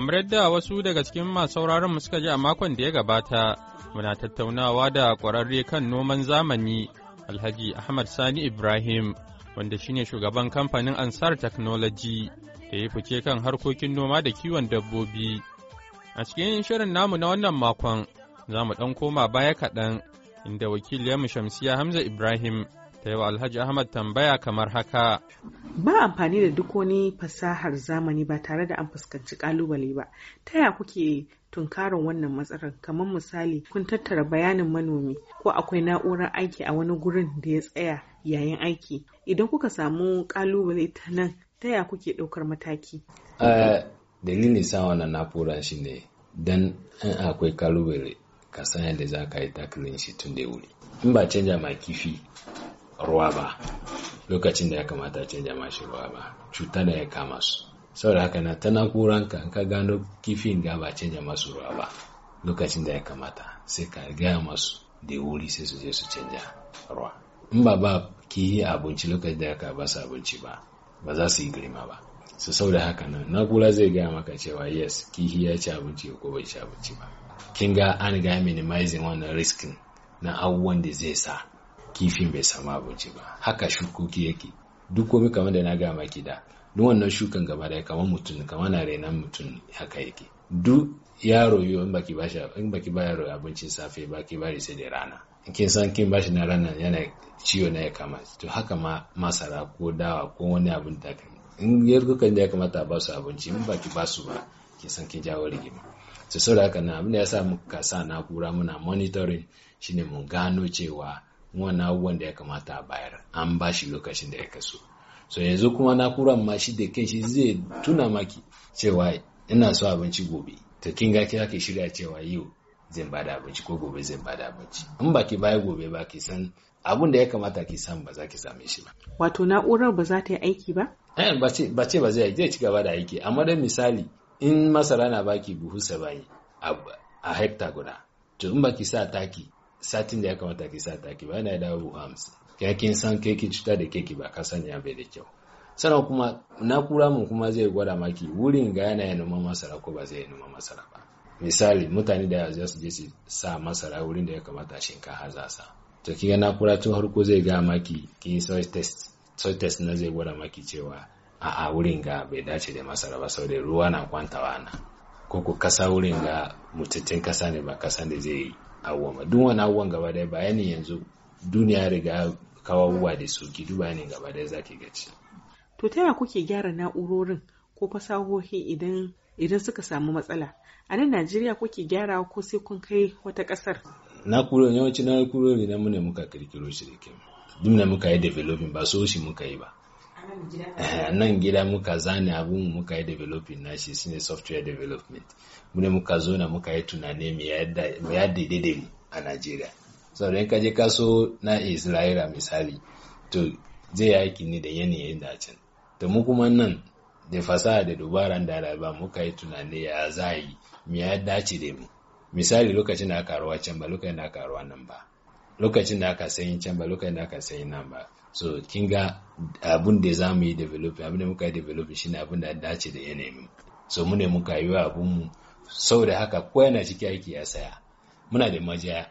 Kamar yadda wasu daga cikin masu sauraron mu suka ji a makon da ya gabata, muna tattaunawa da kwararre kan noman zamani Alhaji Ahmad Sani Ibrahim, wanda shine shugaban kamfanin Ansar Technology da ya fice kan harkokin noma da kiwon dabbobi. A cikin shirin namu na wannan makon, za mu ɗan koma baya kaɗan, inda wakiliyarmu Shamsiya Hamza Ibrahim ta yi Alhaji Ahmad tambaya kamar haka. Ba amfani da duk wani fasahar zamani ba tare da an fuskanci kalubale ba. Ta ya kuke tunkarin wannan matsalar kamar misali kun tattara bayanin manomi ko akwai na'urar aiki a wani gurin da ya tsaya yayin aiki. Idan kuka samu kalubale ta nan ta ya kuke ɗaukar mataki? Dalilin sa wannan na'ura shi ne don in akwai kalubale ka san yadda za ka yi takilin shi tun da wuri. In ba canja ma kifi ruwa ba lokacin da ya kamata canja mashi ruwa ba cuta da ya kama su saboda haka na ta nakura ka gano kifin ga ba canja masu ruwa ba lokacin da ya kamata sai ka gaya masu da wuri sai su je su canja ruwa in ba ba yi abinci lokacin da ya kaba ba su abinci ba ba za su yi girma ba su sau da haka nan na'ura zai gaya maka cewa yes kihi ya ci abinci ko bai ci abinci ba kin ga an ga minimizing wannan riskin na abubuwan da zai sa kifin bai sama abinci ba haka shukoki yake duk komai kamar da na gama ki da duk wannan shukan gaba da kamar mutum kamar na renan mutum haka yake duk yaro yo in baki bashi in baki ba yaro abincin safe baki bari sai da rana in kin san kin bashi na ranar yana ciwo na ya kama to haka ma masara ko dawa ko wani abin da in yarkukan da ya kamata ba su abinci in baki ba su ba kin san kin jawo rigima to saboda haka na abin da ya sa muka sa na'ura muna monitoring shine mun gano cewa wannan abubuwan da ya kamata a bayar an ba shi lokacin da ya kaso so yanzu kuma na kura ma shi da kai shi zai tuna maki cewa ina so abinci gobe to kin ga kira ki shirya cewa yau zan bada abinci ko gobe zan bada abinci in ba ki baya gobe ba ki san abun da ya kamata ki samu ba za ki same shi ba wato na'urar ba za ta yi aiki ba eh ba ce ba zai zai ci gaba da aiki amma dan misali in masara na baki buhu saba'in a hekta guda to in ba ki sa taki satin da ya kamata ki sa taki ba yana dawo ya kin san keki cuta da keki ba ka sani bai da kyau sannan kuma kura mun kuma zai gwada maki wurin ga yana ya noma masara ko ba zai noma masara ba misali mutane da za su je su sa masara wurin da ya kamata shinkafa za sa to kiga kura tun harko zai ga maki kin soy test soy test na zai gwada maki cewa a wurin ga bai dace da masara ba saboda ruwa na kwantawa na ko ku kasa wurin ga mutuntun kasa ne ba kasa da zai awwama duk wani abubuwan gaba daya bayani yanzu duniya riga kawawa da su ki duba ne gaba daya zaki gaci to ta yaya kuke gyara na'urorin ko fasahohi idan idan suka samu matsala a nan najeriya kuke gyara ko sai kun kai wata kasar kuro yawanci na'urorin na mu ne muka kirkiro shi da ke duk muka yi developing ba so shi muka yi ba Eh, nan gida muka zane abin muka yi developing shi shine software development mune muka zo na muka yi tunane mu ya daidai mu a Najeriya sau da ka je kaso na Isra'ila misali to zai yaki ne da yanayin da can to mu kuma nan da fasaha da dubaran da raba muka yi tunane ya za yi mu ya dace da mu misali lokacin da aka ruwa can ba lokacin da aka ruwa nan ba lokacin da aka sayi can ba lokacin da aka sayi nan ba so kin ga abun da za mu yi developing abun da muka yi developing shine abun da dace da yanayin so mu ne muka yi wa abun mu da haka ko yana ciki aiki ya saya muna da majiya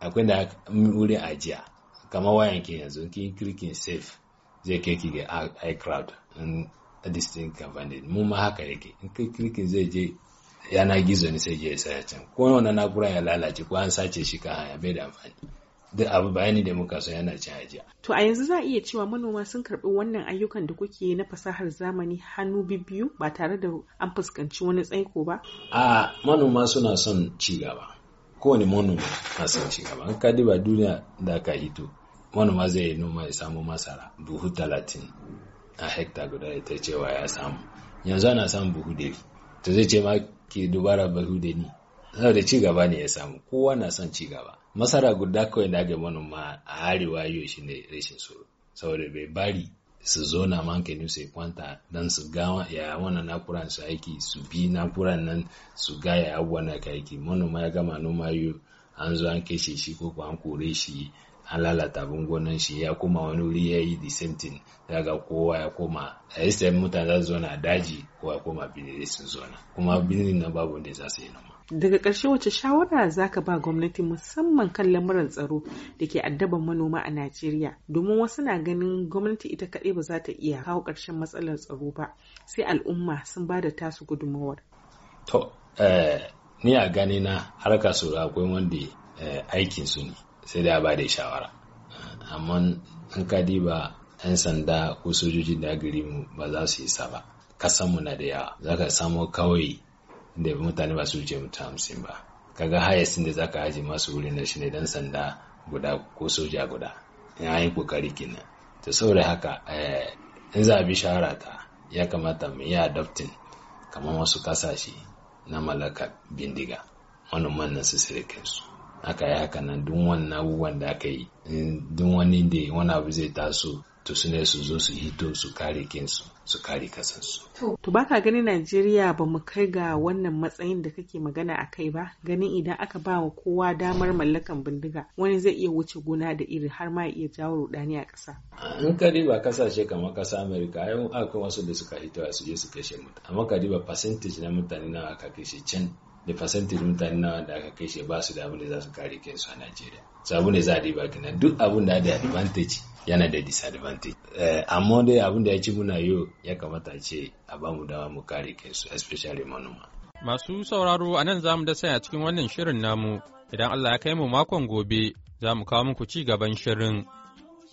akwai da wuri ajiya kamar wayan ke yanzu kin kirkin safe zai kai ki ga icloud distinct company mu ma haka yake in kai kirkin zai je yana gizo ne sai je ya saya can ko wannan na'ura ya lalace ko an sace shi kan hanya bai da amfani da abu bayani da muka so yana cin hajiya. To a yanzu za a iya cewa manoma sun karɓi wannan ayyukan da kuke na fasahar zamani hannu biyu ba tare da an fuskanci wani tsaiko ba? A manoma suna son ci gaba. Kowane manoma na son ci gaba. An kadi ba duniya da ka hito. Manoma zai yi noma ya samu masara buhu talatin a hekta guda ita cewa ya samu. Yanzu ana samun buhu da To zai ce ma ke dubara buhu da ni. sau ci cigaba ne ya samu kowa na son cigaba gaba masara guda kawai da aka manoma a arewa yau shi ne rashin tsoro saboda bai bari su zo na hankali su kwanta don su ga ya wannan nakuran su aiki su bi nakuran nan su ga ya abubuwan da ka aiki manoma ya gama noma yau an zo an kashe shi ko an kore shi an lalata bangonan gonan shi ya koma wani wuri ya yi disentin same daga kowa ya koma a yi mutane za su zo na daji kowa ya koma bini sun zo na kuma bini na babu wanda za su yi noma daga ƙarshe wace shawara za ka ba gwamnati musamman kan lamuran tsaro da ke addaban manoma a najeriya domin wasu na ganin gwamnati ita kaɗai ba za ta iya kawo ƙarshen matsalar tsaro ba sai al'umma sun ba da tasu gudunmawar to eh, ni a gani na harka tsoro akwai wanda eh, aikin su ne sai da ba da shawara amma an ka ba 'yan sanda ko sojoji da mu ba za su yi sa ba kasanmu na da yawa za ka samo kawai da mutane ba su wuce mutum hamsin ba kaga hayasin da zaka haji masu wurin da shine dan sanda guda ko soja guda ya yi kokari kenan to saboda haka eh, in za a bi shawara ta ya kamata mu yi adoptin kamar wasu kasashe na malaka bindiga wani manna su sirikin su aka yi haka nan duk wannan abubuwan da aka yi duk wani da wani abu zai taso to su ne su zo su hito su kare kinsu su kare kasansu. To baka ganin Najeriya ba mu kai ga wannan matsayin da kake magana a kai ba ganin idan aka ba wa kowa damar mallakan bindiga wani zai iya wuce gona da iri har ma iya jawo rudani a ƙasa. In ka riba kasashe kamar ƙasa Amerika ai aka wasu da suka hito su je su kashe mutum amma ka riba percentage na mutane na aka kashe can da percentage mutane nawa da aka kai shi ba su da abin da za su kare kansu a Najeriya so abin za a diba gina duk abin da da advantage yana da disadvantage eh, amma dai abin da ya ci muna yau ya kamata ce a ba mu dawa mu kare kansu especially manoma masu sauraro a nan za mu da a cikin wannan shirin namu idan Allah ya kai mu makon gobe za mu kawo muku ci gaban shirin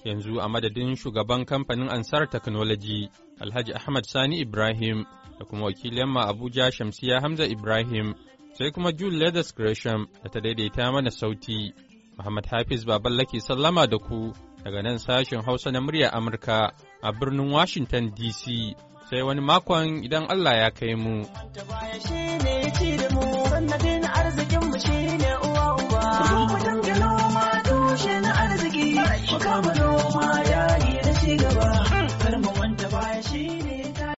yanzu a madadin shugaban kamfanin ansar technology alhaji ahmad sani ibrahim da kuma wakilin ma abuja shamsiya hamza ibrahim sai kuma June Leathers Gresham da ta daidaita mana sauti. Muhammad Hafiz Laki sallama da ku daga nan sashen Hausa na murya Amurka a birnin Washington DC sai wani makon idan Allah ya kai mu. arzikin mu shine uwa